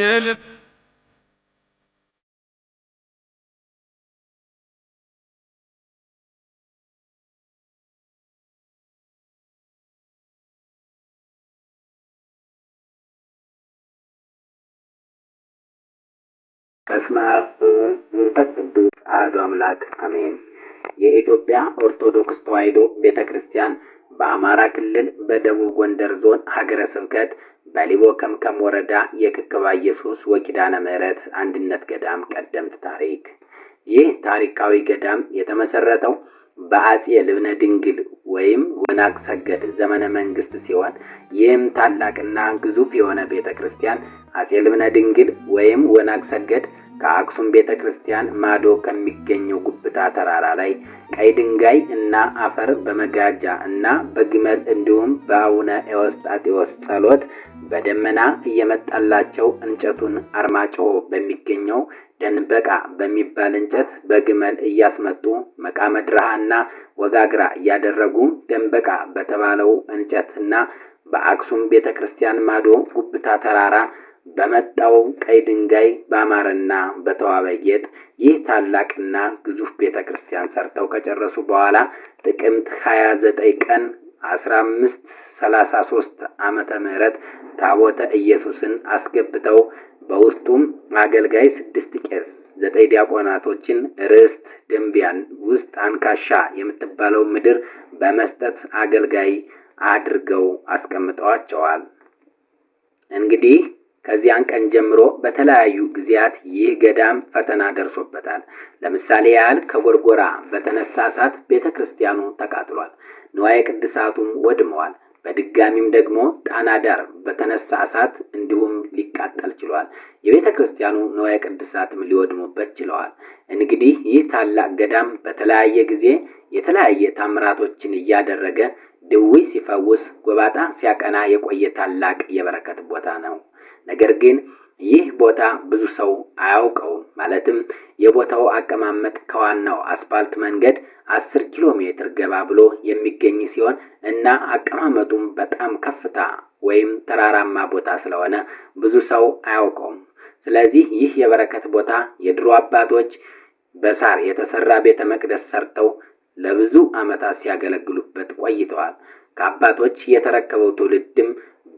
gelip በስመ አብ ወወልድ አሐዱ አምላክ አሜን። የኢትዮጵያ ኦርቶዶክስ ተዋሕዶ ቤተ ክርስቲያን በአማራ ክልል በደቡብ ጎንደር ዞን ሀገረ ስብከት በሊቦ ከምከም ወረዳ የክክባ ኢየሱስ ወኪዳነ ምሕረት አንድነት ገዳም ቀደምት ታሪክ። ይህ ታሪካዊ ገዳም የተመሰረተው በአጼ ልብነ ድንግል ወይም ወናቅ ሰገድ ዘመነ መንግስት ሲሆን ይህም ታላቅና ግዙፍ የሆነ ቤተ ክርስቲያን አጼ ልብነ ድንግል ወይም ወናቅ ሰገድ ከአክሱም ቤተ ክርስቲያን ማዶ ከሚገኘው ጉብታ ተራራ ላይ ቀይ ድንጋይ እና አፈር በመጋጃ እና በግመል እንዲሁም በአቡነ ኤዎስጣቴዎስ ጸሎት በደመና እየመጣላቸው እንጨቱን አርማጭሆ በሚገኘው ደንበቃ በሚባል እንጨት በግመል እያስመጡ መቃመድረሃና ወጋግራ እያደረጉ ደንበቃ በተባለው እንጨትና በአክሱም ቤተ ክርስቲያን ማዶ ጉብታ ተራራ በመጣው ቀይ ድንጋይ በአማረና በተዋበ ጌጥ ይህ ታላቅና ግዙፍ ቤተ ክርስቲያን ሰርተው ከጨረሱ በኋላ ጥቅምት 29 ቀን 1533 ዓመተ ምህረት ታቦተ ኢየሱስን አስገብተው በውስጡም አገልጋይ ስድስት ቄስ ዘጠኝ ዲያቆናቶችን ርስት ደንቢያን ውስጥ አንካሻ የምትባለው ምድር በመስጠት አገልጋይ አድርገው አስቀምጠዋቸዋል። እንግዲህ ከዚያን ቀን ጀምሮ በተለያዩ ጊዜያት ይህ ገዳም ፈተና ደርሶበታል። ለምሳሌ ያህል ከጎርጎራ በተነሳ እሳት ቤተ ክርስቲያኑ ተቃጥሏል፣ ንዋየ ቅድሳቱም ወድመዋል። በድጋሚም ደግሞ ጣና ዳር በተነሳ እሳት እንዲሁም ሊቃጠል ችሏል። የቤተ ክርስቲያኑ ንዋየ ቅድሳትም ሊወድሙበት ችለዋል። እንግዲህ ይህ ታላቅ ገዳም በተለያየ ጊዜ የተለያየ ታምራቶችን እያደረገ ድዊ ሲፈውስ፣ ጎባጣ ሲያቀና የቆየ ታላቅ የበረከት ቦታ ነው። ነገር ግን ይህ ቦታ ብዙ ሰው አያውቀውም። ማለትም የቦታው አቀማመጥ ከዋናው አስፋልት መንገድ አስር ኪሎ ሜትር ገባ ብሎ የሚገኝ ሲሆን እና አቀማመጡም በጣም ከፍታ ወይም ተራራማ ቦታ ስለሆነ ብዙ ሰው አያውቀውም። ስለዚህ ይህ የበረከት ቦታ የድሮ አባቶች በሳር የተሰራ ቤተ መቅደስ ሰርተው ለብዙ ዓመታት ሲያገለግሉበት ቆይተዋል። ከአባቶች የተረከበው ትውልድም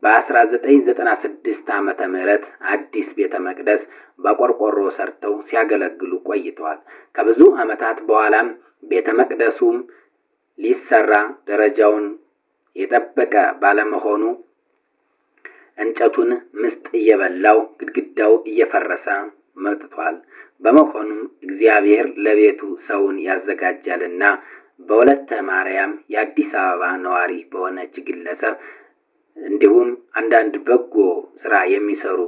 በ1996 ዓ ም አዲስ ቤተ መቅደስ በቆርቆሮ ሰርተው ሲያገለግሉ ቆይተዋል። ከብዙ ዓመታት በኋላም ቤተ መቅደሱም ሊሰራ ደረጃውን የጠበቀ ባለመሆኑ እንጨቱን ምስጥ እየበላው ግድግዳው እየፈረሰ መጥቷል። በመሆኑም እግዚአብሔር ለቤቱ ሰውን ያዘጋጃልና በወለተ ማርያም የአዲስ አበባ ነዋሪ በሆነች ግለሰብ እንዲሁም አንዳንድ በጎ ስራ የሚሰሩ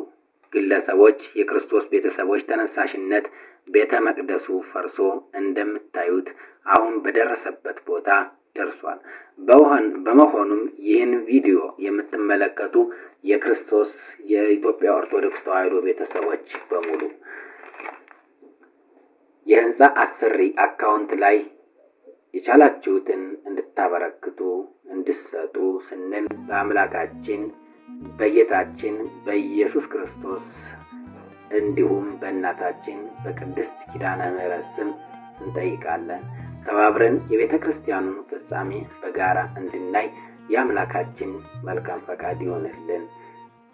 ግለሰቦች የክርስቶስ ቤተሰቦች ተነሳሽነት ቤተ መቅደሱ ፈርሶ እንደምታዩት አሁን በደረሰበት ቦታ ደርሷል። በመሆኑም ይህን ቪዲዮ የምትመለከቱ የክርስቶስ የኢትዮጵያ ኦርቶዶክስ ተዋሕዶ ቤተሰቦች በሙሉ የህንፃ አሰሪ አካውንት ላይ የቻላችሁትን እንድታበረክቱ እንድሰጡ ስንል በአምላካችን በጌታችን በኢየሱስ ክርስቶስ እንዲሁም በእናታችን በቅድስት ኪዳነ ምሕረት ስም እንጠይቃለን። ተባብረን የቤተ ክርስቲያኑን ፍጻሜ በጋራ እንድናይ የአምላካችን መልካም ፈቃድ ይሆንልን።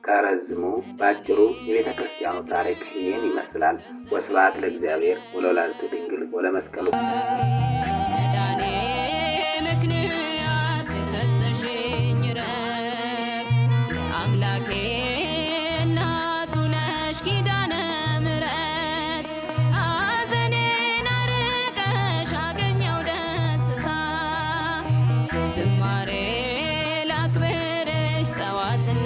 ከረዝሙ በአጭሩ የቤተ ክርስቲያኑ ታሪክ ይህን ይመስላል። ወስብሐት ለእግዚአብሔር ወለወላዲቱ ድንግል ወለመስቀሉ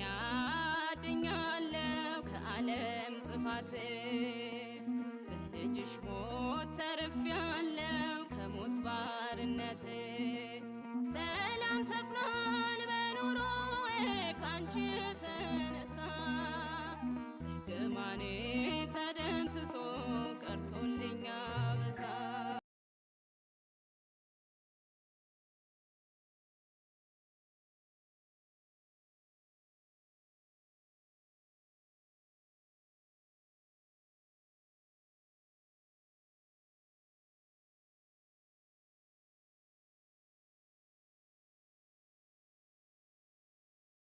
እኔ አድኛለሁ ከዓለም ጥፋት በልጅሽ ሞት ተርፌያለሁ ከሞት ባርነት ሰላም ሰፍኗል በኑሮዬ ካንቺ የተነሳ እርግማኔ ተደምስሶ ቀርቶልኛ በሳ